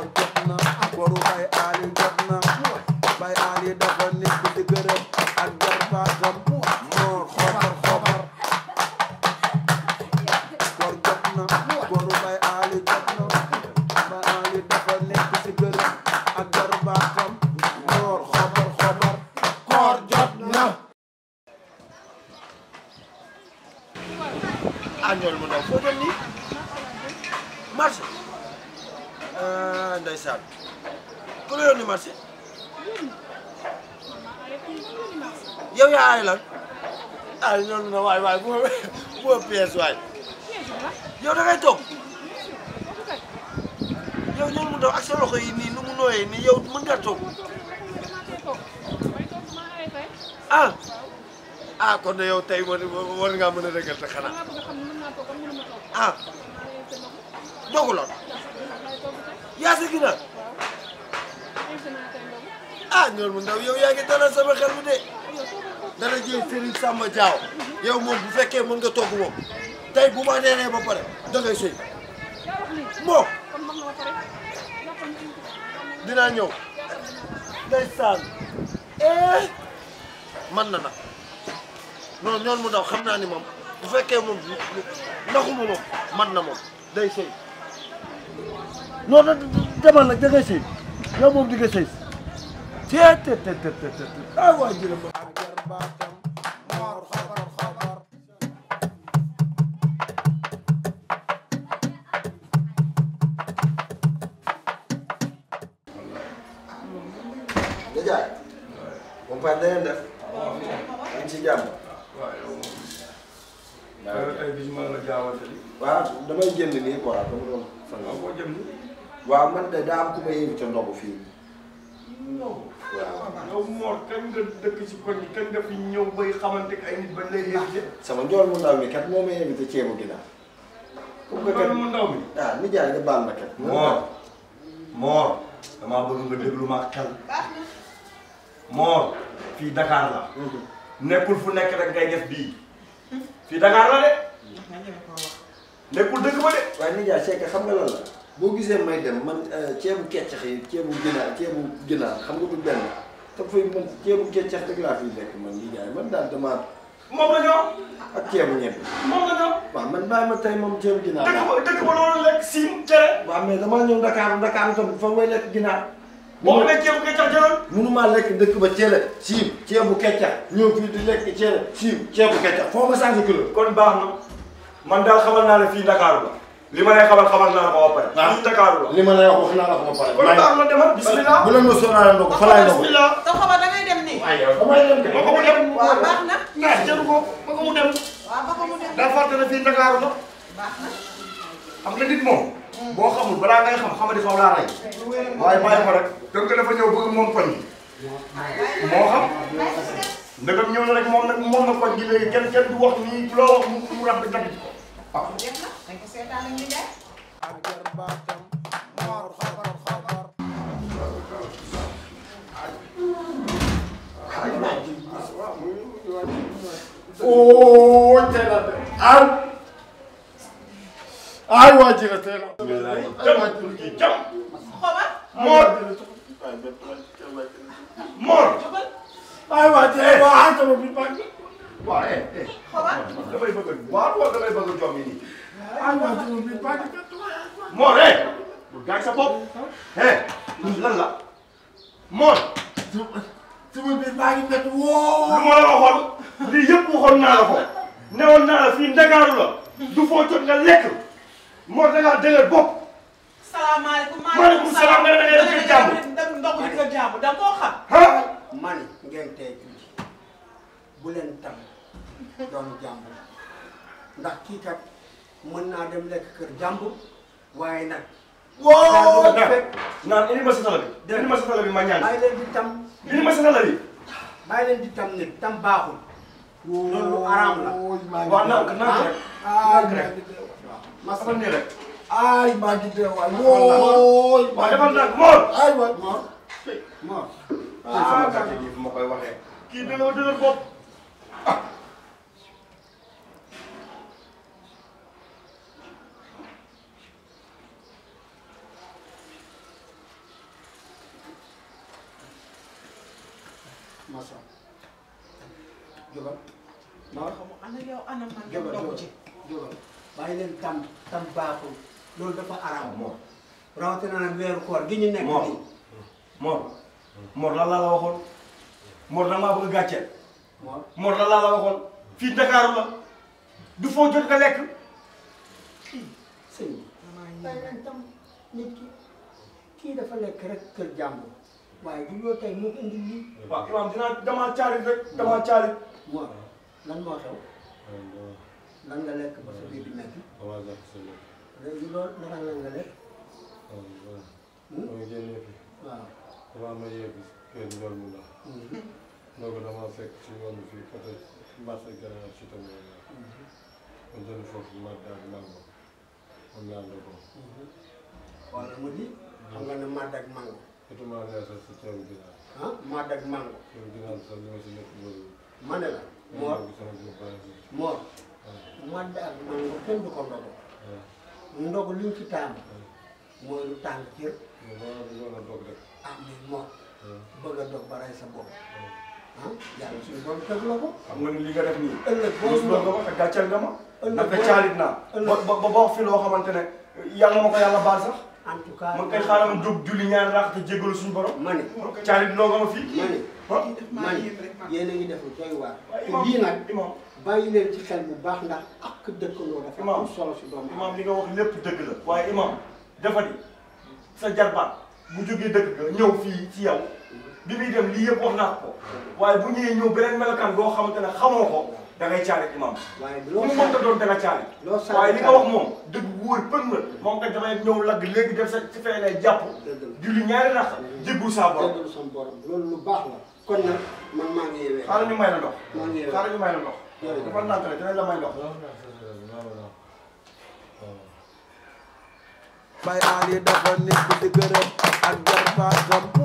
Mor jot na boru Baye Ali jot na Baye Ali dafa nekk di gërëm ak jarbaagam Mor xobar xobar Mor jot na boru Baye Ali jot na Baye Ali dafa nekk di gërëm ak jarbaagam Mor xobar xobar koor jot na añol mu ndaw foo doon nii marché Ah, ndeysaan ku la yónni marché yow yaa aay lan aay ñoom na waay waay bu ma pièce waay yow da ngay toog yow ñoom mu daw ak sa ah ah kon ne yow tey war war ngaa mën a ah doguloon yaa si ginnaaw ah ñoom mu ndaw yow yaa ngi dalal sama xel mi de dala jël Serigne Samba Diaw yow bu fekkee mën nga togg moom tey bu ma neenee ba pare dangay sëy moo dinaa ñëw day saan eh man na nag non mu ndaw xam naa ni moom bu fekkee moom naxuma moom man na moom day sëy noonu demal nag da ngay yow moom di nga sëy tee te te te te te ay ah, waay jërëm jaay moom pare na leen def ñu ci jàmm waaw tey bi ñu mën la jaawantali. waaw damay jënd nii quoi dama waaw boo jënd. waaw man de daa am ku may invité ndogu fii. ndogu. waaw yow nga fi ñëw bay xamante ay nit ba lay invité. sama njool mu ndaw mi kat moo may invité ceebu ginaar. comme que kat mu ndaw mi. ah ni jaay nga baal ma kat. Mor Mor damaa bëgg nga déglu ma xel. Mor fii Dakar la. Mhm. nekkul fu nekk rek ngay def bii. fii Dakar la de. nekkul dëkk ba de. waaye Nidia Seck xam nga lan la boo gisee may dem man euh, ceebu keccax yi ceebu ginaar ceebu ginaar xam nga du benn te fay man ceebu keccax rek laa fiy lekk man Nidia man daal damaa. moom la ñoo. ak ceebu ñebe. moom la man bàyyi ma tey moom ceebu ginaar. dëkk ba dëkk ba loolu lekk siim cere. waaw mais damaa ñëw Dakar Dakar fa may lekk ginaar. boo xoolee ceebu keccax jëloon. mënumaa lekk dëkk ba ceele siim ceebu keccax ñëw fii di lekk ceele siim ceebu keccax foo ma changé kilo. kon baax na man daal xamal naa ne fii Ndakaaru la li ma lay xamal xamal naa la ko ba pare. Ah. la li ma lay wax wax naa la ko ba pare. kon baax na demal bisimilah. bu leen ma sonal ndox fa laay ndox. te xamal da ngay dem nii. aywa damay dem kay. ma ko mu dem waaw baax na. naa jëru ko ma ko mu dem. waaw ma mu dem. daa fàtte ne la. baax na. xam nga nit moom boo xamul balaa ngay xam xamadi faw laa rey waaye bàyyi ko rek comme que a ñëw bëgg moom koñ bi moo xam ndegam ñëw na rek moom nag moom na koñ gi léegi kenn kenn du wax nii loo wax mu rab bi dagg ay waa ji la teel a. jam moor moor. ay waa ji ay waa sama bi baax waaw eh eh. damay bëgg a waaw damay bëgg a jox mi nii. ay waa sama bi baax moor eh. bu gaañ sa bopp. eh lan la moor. sama bi baax yi métti woo. lu ma la waxoon lii yëpp waxoon naa la ko newoon naa la fii Ndakaaru la du foo jot nga lekk. Mor da ngaa dëgër bopp. salaamaaleykum maaleykum salaam nga ne da ngay def kër jàmm. da ndox li kër jàmm da nga koo xam. ah. man ngeen tey tuuti bu leen tam doon jàmm ndax kii kat mën naa dem lekk kër jàmm waaye nag. woo fekk naan indi ma sa sala bi. indi ma sa sala bi ma ñaan. bàyyi leen di tam. indi ma sa sala bi. bàyyi leen di tam ne tam baaxul. loolu araam la. waaw naa ko naa ko rek ah, naa ko rek. ma sama nii rek. ay maa ngi dee waay. wooy maa defal nag Mor. ay waay Mor. Mor. ah kàddu ah, ah. gi fu ma koy waxee. kii dina ma dëgër bopp. Ah. masa jógal. maa xam ana yow ana man. jógal jógal bàyyi leen tam baaxul loolu dafa araam ah, moom rawatina nag weeru koor gi ñu nekk nii Mor Mor lan laa la waxoon Mor lan maa bëgg gàcceel Mor lan laa la waxoon fii Dakar la du foo jot nga lekk sëñ bàyyi leen tam nit ki kii dafa lekk rek kër jàmbur waaye du loo tey moo ko indi lii waaw imaam dinaa damaa lan moo lan nga lekk waaw dàq sa lépp. léegi loolu naka la nga def. waaw waaw. mooy génne fi. waaw. damaa ma yegg kër Ndiol mu ndax. donc damaa fekk ci yoon bi fii côté marché gànnaaw ci tamit. ma jël foofu ma daal mango ma ñaanal ko. wala mu di. xam nga ne màdd ak mango. surtout maa ngi lay sax si ceeb bi ah màdd ak mango. ceeb bi dinaa sax li ma si nekk loolu. ma ne la. moo kenn du ko ndogu ci taamu mooy lu tàng cër ah mais moo bëgg a dog ba rey sa bopp ah yàlla suñu borom tëgg la ko xam nga ni li caalit naa ba ba wax fi loo xamante ne yàlla ma ko yàlla en tout cas man kay xaaral ma jóg julli ñaan rax te jégalu suñu borom. ma ne caalit noo nga fii. ma ne ma yéen a ngi def doy waar. waaw lii nag bàyyi leen ci xel bu baax ndax ak dëkkandoo dafa am si doomu imaam li nga wax lépp dëgg la. waaye imaam dafa sa jarbaat bu jógee dëkk ñëw fii ci yow bi muy dem lii yëpp wax naa ko waaye bu ñëwee ñëw beneen melokaan boo xamante ne xamoo ko. da ngay caale imam. waaye loo saal moom dëgg wóor pëng la. moom kat damay ñëw sa ci fee lay jàpp. dëgg la julli ñaari rax. jéggu sa borom jéggu sa borom loolu la. kon nag man maa ngi ñu may la ndox. ñu may la ndox. jërëjëf dafa naan tane dinañ la may ndox. Baye